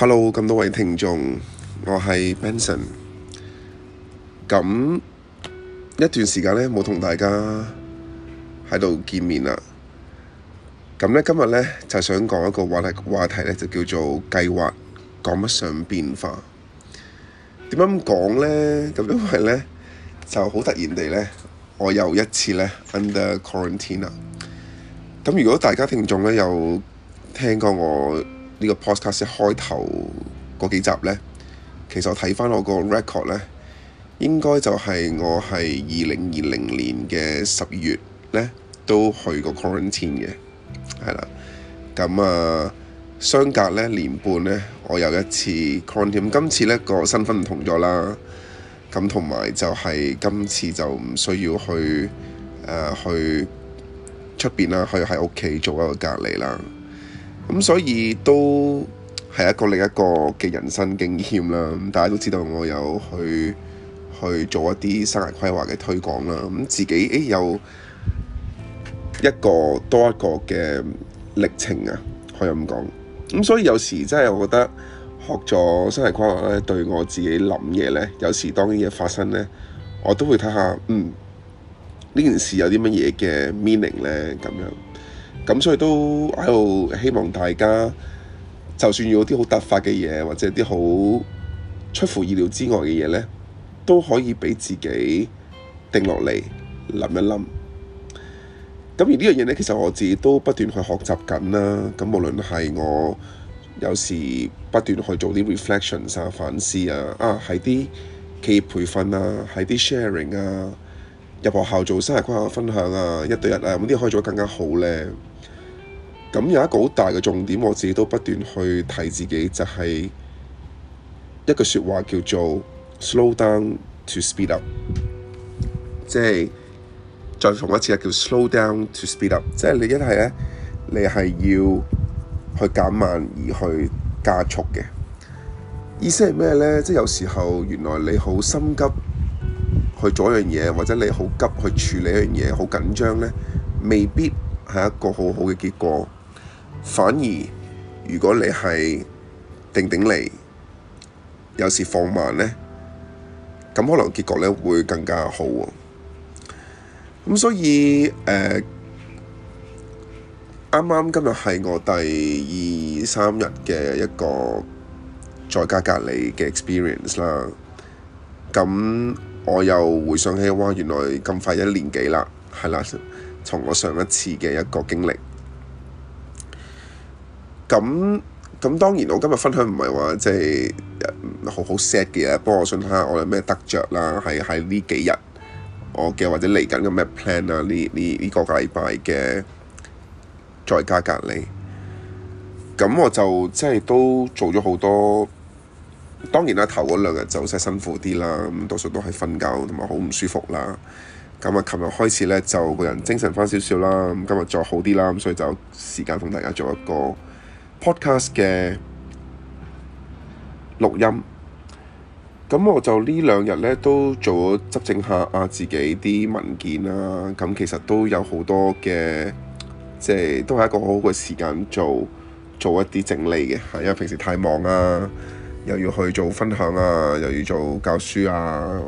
Hello，咁多位聽眾，我係 Benson。咁一段時間呢冇同大家喺度見面啦。咁呢，今日呢，就想講一個話題，話題呢就叫做計劃趕不上變化。點解咁講呢？咁因為呢，就好突然地呢，我又一次呢 under quarantine 啦。咁如果大家聽眾呢，有聽過我，呢個 postcast 開頭嗰幾集呢，其實我睇返我個 record 呢，應該就係我係二零二零年嘅十月呢，都去過 quarantine 嘅，係啦。咁、嗯、啊，相隔咗年半呢，我有一次 quarantine。今次呢個身份唔同咗啦，咁同埋就係今次就唔需要去去出邊啦，去喺屋企做一個隔離啦。咁、嗯、所以都係一個另一個嘅人生經驗啦。咁大家都知道我有去去做一啲生涯規劃嘅推廣啦。咁、嗯、自己誒、欸、有一個多一個嘅歷程啊，可以咁講。咁、嗯、所以有時真係我覺得學咗生涯規劃咧，對我自己諗嘢咧，有時當啲嘢發生咧，我都會睇下，嗯，呢件事有啲乜嘢嘅 meaning 咧，咁樣。咁所以都喺度希望大家，就算要啲好突發嘅嘢，或者啲好出乎意料之外嘅嘢咧，都可以俾自己定落嚟諗一諗。咁而呢樣嘢咧，其實我自己都不斷去學習緊啦。咁無論係我有時不斷去做啲 reflection 啊、反思啊，啊喺啲企業培訓啊，喺啲 sharing 啊，入學校做生涯規劃分享啊、一對一啊，咁啲可以做得更加好咧。咁有一個好大嘅重點，我自己都不斷去提自己，就係一句説話叫做 slow down to speed up，即係再重一次啊，叫 slow down to speed up，即係你一係咧，你係要去減慢而去加速嘅。意思係咩咧？即係有時候原來你好心急去做一樣嘢，或者你好急去處理一樣嘢，好緊張咧，未必係一個好好嘅結果。反而，如果你係定定嚟，有時放慢咧，咁可能結果咧會更加好喎、啊。咁所以誒，啱、呃、啱今日係我第二三日嘅一個在家隔離嘅 experience 啦。咁我又回想起嘩，原來咁快一年幾啦，係啦，從我上一次嘅一個經歷。咁咁當然，我今日分享唔係話即係好好 sad 嘅啦。不過，我想睇下我有咩得着啦，係喺呢幾日我嘅或者嚟緊個咩 plan 啊？呢呢呢個禮拜嘅在家隔離，咁我就即係都做咗好多。當然啦、啊，頭嗰兩日就真係辛苦啲啦。咁多數都係瞓覺同埋好唔舒服啦。咁啊，琴日開始咧就個人精神翻少少啦。咁今日再好啲啦，咁所以就時間同大家做一個 Podcast 嘅錄音，咁我就呢兩日咧都做咗執整下啊自己啲文件啦。咁其實都有好多嘅，即係都係一個好好嘅時間做做一啲整理嘅，係因為平時太忙啦，又要去做分享啊，又要做教書啊、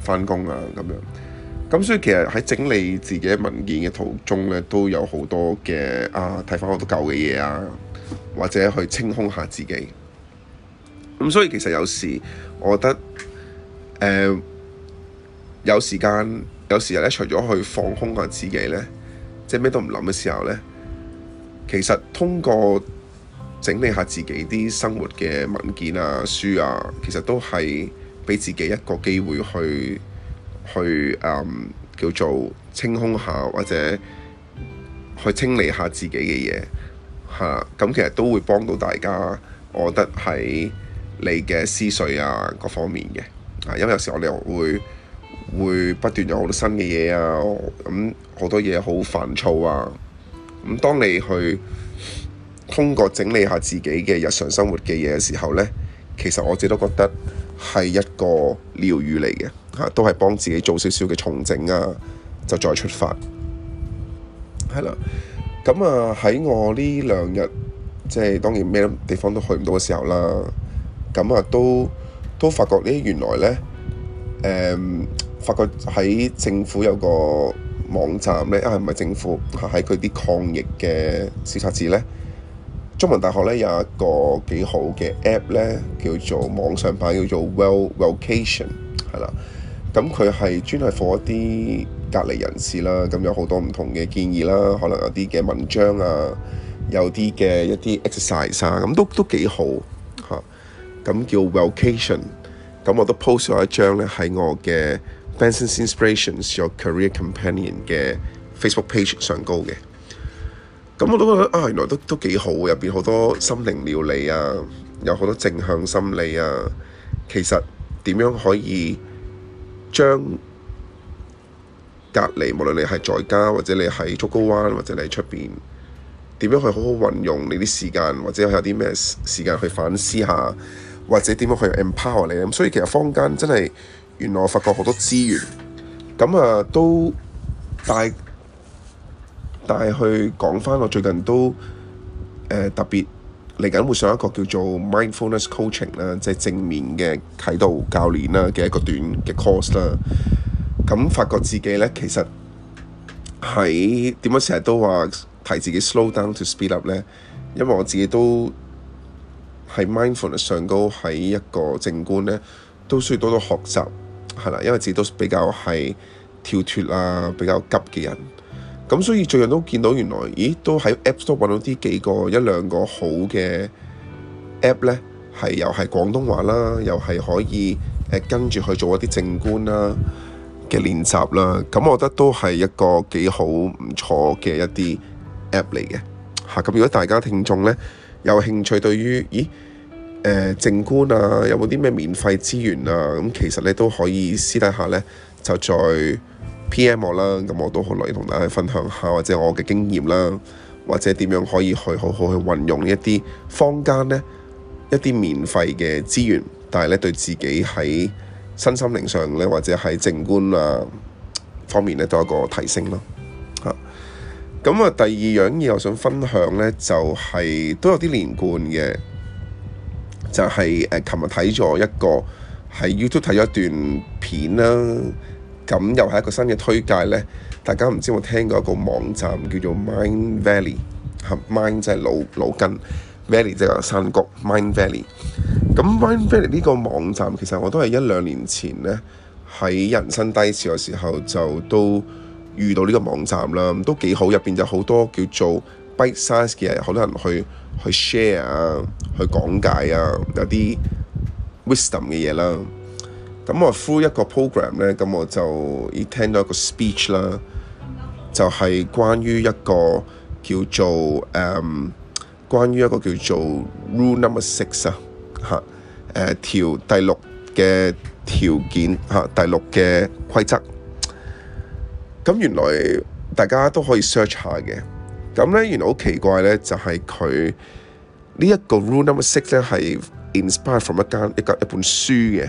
翻工啊咁樣。咁所以其實喺整理自己文件嘅途中咧，都有好多嘅啊，睇翻好多舊嘅嘢啊。或者去清空下自己，咁、嗯、所以其實有時我覺得、呃，有時間，有時咧，除咗去放空下自己呢，即係咩都唔諗嘅時候呢，其實通過整理下自己啲生活嘅文件啊、書啊，其實都係俾自己一個機會去去、嗯、叫做清空下或者去清理下自己嘅嘢。係咁其實都會幫到大家，我覺得係你嘅思緒啊，各方面嘅。啊，因為有時我哋會會不斷有好多新嘅嘢啊，咁好多嘢好煩躁啊，咁當你去通過整理下自己嘅日常生活嘅嘢嘅時候呢，其實我自己都覺得係一個療愈嚟嘅。嚇都係幫自己做少少嘅重整啊，就再出發，係啦。咁啊，喺我呢兩日，即係當然咩地方都去唔到嘅時候啦。咁啊，都都發覺呢，原來呢，誒、嗯，發覺喺政府有個網站呢，啊，唔係政府，喺佢啲抗疫嘅小冊子呢。中文大學呢，有一個幾好嘅 app 呢，叫做網上版，叫做 Well Location，、well、係啦。咁佢係專係 for 一啲隔離人士啦。咁有好多唔同嘅建議啦，可能有啲嘅文章啊，有啲嘅一啲 exercise 啊，咁都都幾好嚇。咁、啊、叫 Vocation。咁我都 post 咗一張咧喺我嘅 Benson's Inspirations Your Career Companion 嘅 Facebook page 上高嘅。咁我都覺得啊，原來都都幾好，入邊好多心靈料理啊，有好多正向心理啊。其實點樣可以將隔離，無論你係在家，或者你喺竹篙灣，或者你喺出邊，點樣去好好運用你啲時間，或者有啲咩時間去反思下，或者點樣去 empower 你。咁所以其實坊間真係原來我發覺好多資源咁啊，都大大去講返。我最近都、呃、特別。嚟緊會上一個叫做 mindfulness coaching 啦，即係正面嘅啟導、教練啦嘅一個短嘅 course 啦。咁發覺自己咧，其實喺點解成日都話提自己 slow down to speed up 咧？因為我自己都喺 mindfulness 上高喺一個正觀咧，都需要多多學習係啦，因為自己都比較係跳脱啊，比較急嘅人。咁所以最近都見到原來，咦，都喺 App Store 揾到啲幾個一兩個好嘅 App 咧，係又係廣東話啦，又係可以誒跟住去做一啲靜觀啦嘅練習啦。咁我覺得都係一個幾好唔錯嘅一啲 App 嚟嘅吓。咁、啊、如果大家聽眾咧有興趣對於咦誒、呃、靜觀啊，有冇啲咩免費資源啊？咁其實咧都可以私底下咧就再～P.M. 我啦，咁我都好樂意同大家去分享下，或者我嘅經驗啦，或者點樣可以去好好去運用一啲坊間呢一啲免費嘅資源，但係咧對自己喺身心靈上咧或者喺靜觀啊方面咧都有一個提升咯。吓，咁啊，第二樣嘢我想分享呢，就係，就係都有啲連貫嘅，就係誒，琴日睇咗一個喺 YouTube 睇咗一段片啦。咁又係一個新嘅推介呢。大家唔知有冇聽過一個網站叫做 Mind Valley，嚇 Mind 即係腦腦筋，Valley 即係山谷，Mind Valley。咁 Mind Valley 呢個網站其實我都係一兩年前呢，喺人生低潮嘅時候就都遇到呢個網站啦，都幾好，入邊有好多叫做 Bite Size 嘅人，好多人去去 share 啊，去講解啊，有啲 wisdom 嘅嘢啦。咁我 through 一個 program 咧，咁我就已聽到一個 speech 啦，就係、是、關於一個叫做誒，um，關於一個叫做 rule number six 啊，嚇、啊、誒條第六嘅條件嚇，第六嘅、啊、規則。咁、啊啊、原來大家都可以 search 下嘅，咁、啊、咧原來好奇怪咧，就係佢呢一個 rule number six 咧係 inspired from 一間一間一本書嘅。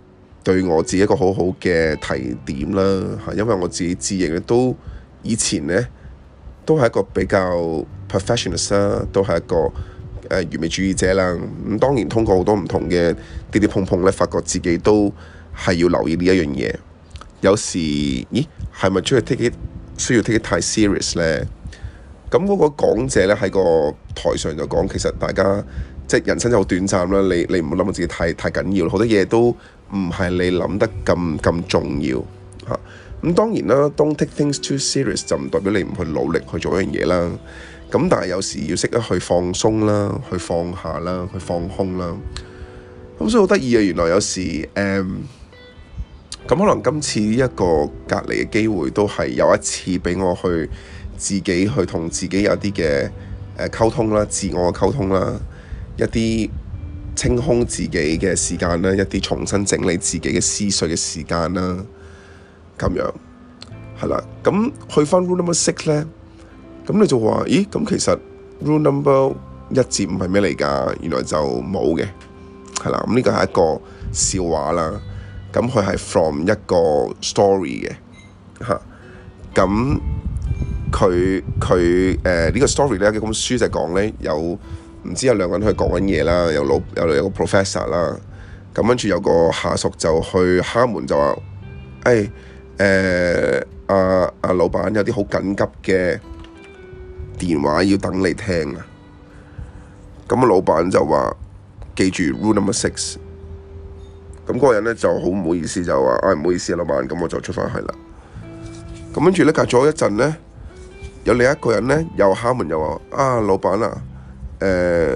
對我自己一個好好嘅提點啦，嚇，因為我自己自認咧都以前呢，都係一個比較 professional 啦，都係一個誒完美主義者啦。咁當然通過好多唔同嘅跌跌碰碰咧，發覺自己都係要留意呢一樣嘢。有時咦，係咪出去 take it 需要 take it 太 serious 咧？咁嗰個講者咧喺個台上就講，其實大家即係人生就好短暫啦。你，你唔好諗到自己太太緊要，好多嘢都。唔係你諗得咁咁重要嚇，咁、啊、當然啦。Don't take things too serious 就唔代表你唔去努力去做一樣嘢啦。咁但係有時要識得去放鬆啦，去放下啦，去放空啦。咁所以好得意啊！原來有時誒，咁、嗯、可能今次一個隔離嘅機會都係有一次俾我去自己去同自己有啲嘅誒溝通啦，自我嘅溝通啦，一啲。清空自己嘅時間啦，一啲重新整理自己嘅思緒嘅時間啦，咁樣係啦。咁去翻 rule number six 咧，咁你就話：咦，咁其實 rule number 一至五係咩嚟㗎？原來就冇嘅，係啦。咁呢個係一個笑話啦。咁佢係 from 一個 story 嘅，嚇。咁佢佢誒呢個 story 咧，有本書就講咧有。唔知有兩個人去講緊嘢啦，有老有有個 professor 啦，咁跟住有個下屬就去敲門就話：誒、哎、誒，阿、呃、阿、啊啊、老闆有啲好緊急嘅電話要等你聽啊。咁啊，老闆就話：記住 rule number、no. six。咁嗰個人咧就好唔好意思，就話：啊、哎、唔好意思、啊，老闆，咁我就出翻去啦。咁跟住咧隔咗一陣咧，有另一個人咧又敲門又話：啊老闆啊！誒、呃、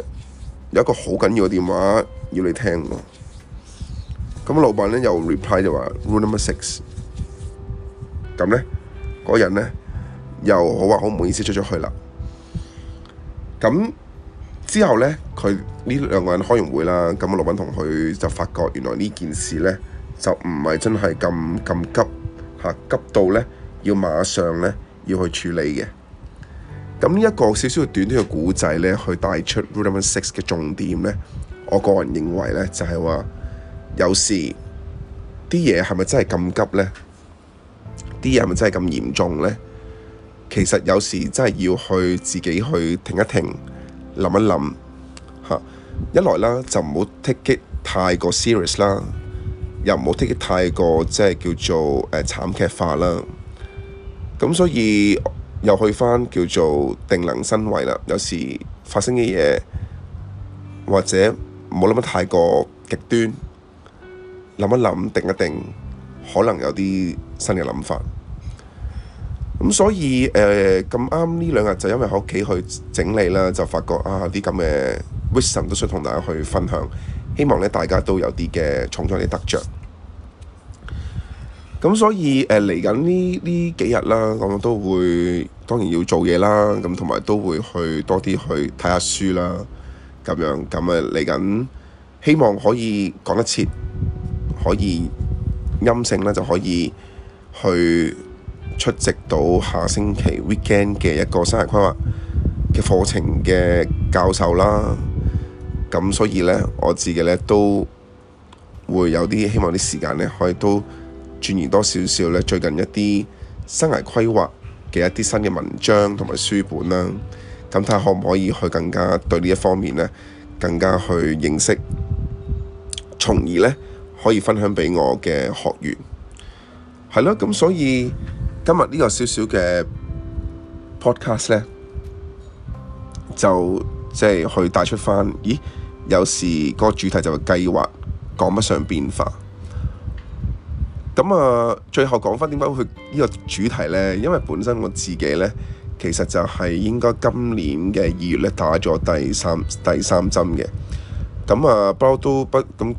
有一個好緊要嘅電話要你聽喎，咁老闆咧又 reply 就話 room number six，咁咧嗰人咧又好話好唔好意思出咗去啦。咁之後咧，佢呢兩個人開完會啦，咁老闆同佢就發覺原來呢件事咧就唔係真係咁咁急嚇，急到咧要馬上咧要去處理嘅。咁一個少少短啲嘅古仔咧，去帶出《Rule Number Six》嘅重點咧，我個人認為咧，就係話有時啲嘢係咪真係咁急咧？啲嘢係咪真係咁嚴重咧？其實有時真係要去自己去停一停，諗一諗吓。一來啦，就唔好 take it 太過 serious 啦，又唔好 take it 太過即係叫做誒慘劇化啦。咁所以。又去返叫做定能身位啦，有時發生嘅嘢或者冇諗得太過極端，諗一諗定一定，可能有啲新嘅諗法。咁所以誒咁啱呢兩日就因為喺屋企去整理啦，就發覺啊啲咁嘅 wisdom 都想同大家去分享，希望呢大家都有啲嘅從中啲得着。咁所以嚟緊呢呢幾日啦，我都會。當然要做嘢啦，咁同埋都會去多啲去睇下書啦，咁樣咁啊嚟緊，希望可以講得切，可以陰性呢就可以去出席到下星期 weekend 嘅一個生涯規劃嘅課程嘅教授啦。咁所以呢，我自己呢，都會有啲希望啲時間呢，可以都轉移多少少呢，最近一啲生涯規劃。嘅一啲新嘅文章同埋書本啦，咁睇下可唔可以去更加對呢一方面咧，更加去認識，從而咧可以分享俾我嘅學員。係咯。咁所以今日呢個小小嘅 podcast 咧，就即係去帶出翻，咦？有時個主題就係計劃趕不上變化。咁啊，最後講翻點解佢呢個主題呢？因為本身我自己呢，其實就係應該今年嘅二月呢打咗第三第三針嘅。咁啊，不嬲都不咁，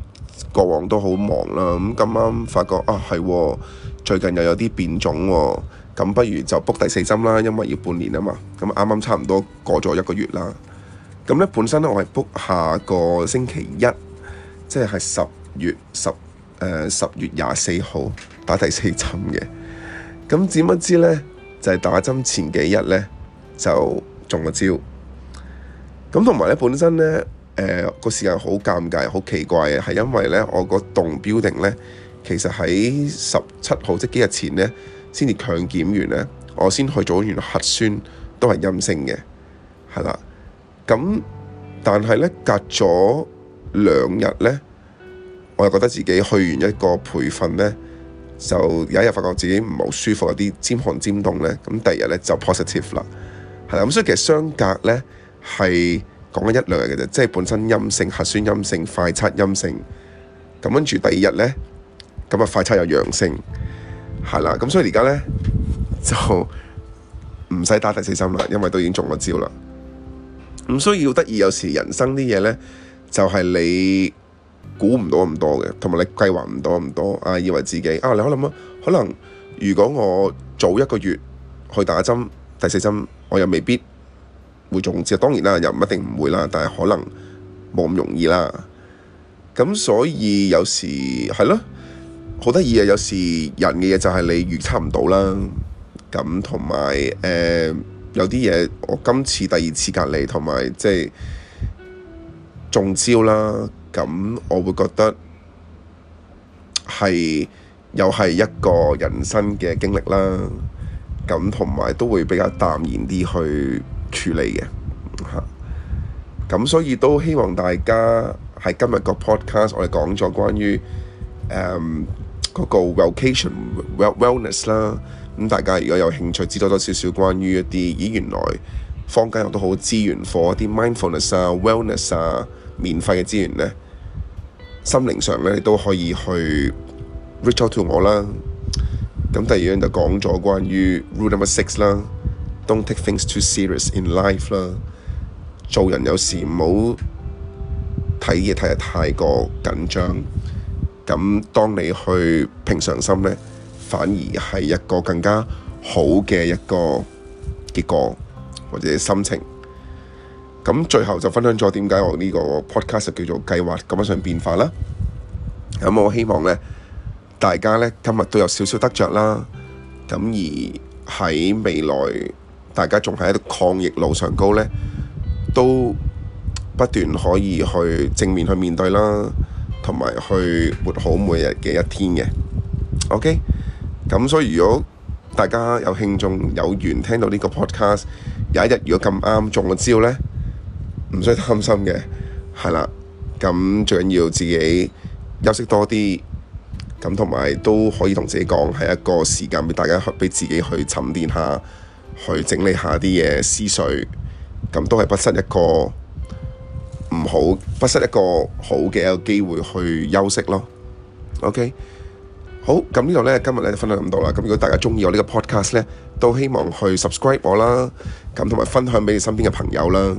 過往都好忙啦。咁咁啱發覺啊，係喎，最近又有啲變種喎、啊。咁不如就 book 第四針啦，因為要半年啊嘛。咁啱啱差唔多過咗一個月啦。咁呢，本身咧我係 book 下個星期一，即係十月十。uh, 十月廿四號打第四針嘅，咁知唔知呢？就係、是、打針前幾日呢，就中咗招，咁同埋呢，本身呢誒個時間好尷尬、好奇怪嘅，係因為呢，我個棟 building 呢，其實喺十七號即幾日前呢，先至強檢完呢我先去做完核酸都係陰性嘅，係啦，咁但係呢，隔咗兩日呢。我又覺得自己去完一個培訓呢，就有一日發覺自己唔好舒服，有啲尖寒尖凍呢。咁第二日呢，就 positive 啦，係啦，咁所以其實相隔呢，係講緊一兩日嘅啫，即係本身陰性核酸陰性快測陰性，咁跟住第二日呢，咁啊快測有陽性，係啦，咁所以而家呢，就唔使打第四針啦，因為都已經中咗招啦。咁所以要得意，有時人生啲嘢呢，就係你。估唔到咁多嘅，同埋你計劃唔到咁多，啊以為自己啊，你可諗啊？可能如果我早一個月去打針，第四針我又未必會中招。當然啦，又唔一定唔會啦，但係可能冇咁容易啦。咁所以有時係咯，好得意嘅，有時人嘅嘢就係你預測唔到啦。咁同埋誒，有啲嘢我今次第二次隔離同埋即係中招啦。咁我會覺得係又係一個人生嘅經歷啦。咁同埋都會比較淡然啲去處理嘅嚇。咁、啊、所以都希望大家喺今日個 podcast 我哋講咗關於誒嗰、嗯那個 vocation well wellness 啦。咁大家如果有興趣知多多少少關於一啲，咦原來坊間有好多好資源課一啲 mindfulness 啊 wellness 啊。免費嘅資源呢，心靈上呢，你都可以去 reach out to 我啦。咁第二樣就講咗關於 rule number six 啦，don't take things too serious in life 啦。做人有時唔好睇嘢睇得太過緊張。咁當你去平常心呢，反而係一個更加好嘅一個結果或者心情。咁最後就分享咗點解我呢個 podcast 叫做計劃趕唔上變化啦。咁我希望呢，大家呢今日都有少少得着啦。咁而喺未來，大家仲係喺度抗疫路上高呢，都不斷可以去正面去面對啦，同埋去活好每日嘅一天嘅。OK，咁所以如果大家有慶中有緣聽到呢個 podcast，有一日如果咁啱中咗招呢。唔使擔心嘅，係啦。咁最緊要自己休息多啲，咁同埋都可以同自己講係一個時間，俾大家去，俾自己去沉澱下，去整理下啲嘢思緒。咁都係不失一個唔好，不失一個好嘅一個機會去休息咯。OK，好，咁呢度呢，今日呢就分享咁多啦。咁如果大家鍾意我呢個 podcast 呢，都希望去 subscribe 我啦，咁同埋分享俾你身邊嘅朋友啦。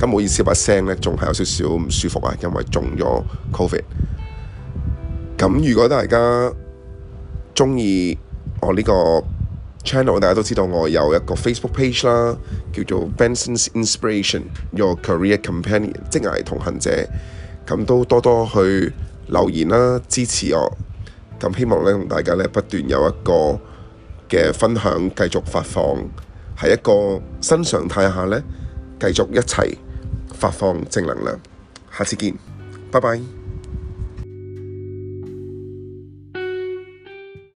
咁唔好意思，把聲呢，仲係有少少唔舒服啊，因為中咗 Covid。咁如果大家鍾意我呢個 channel，大家都知道我有一個 Facebook page 啦，叫做 Benson's Inspiration Your Career Companion 職涯同行者。咁都多多去留言啦，支持我。咁希望呢，同大家呢，不斷有一個嘅分享繼續發放，喺一個新常態下呢，繼續一齊，發放正能量，下次見，拜拜。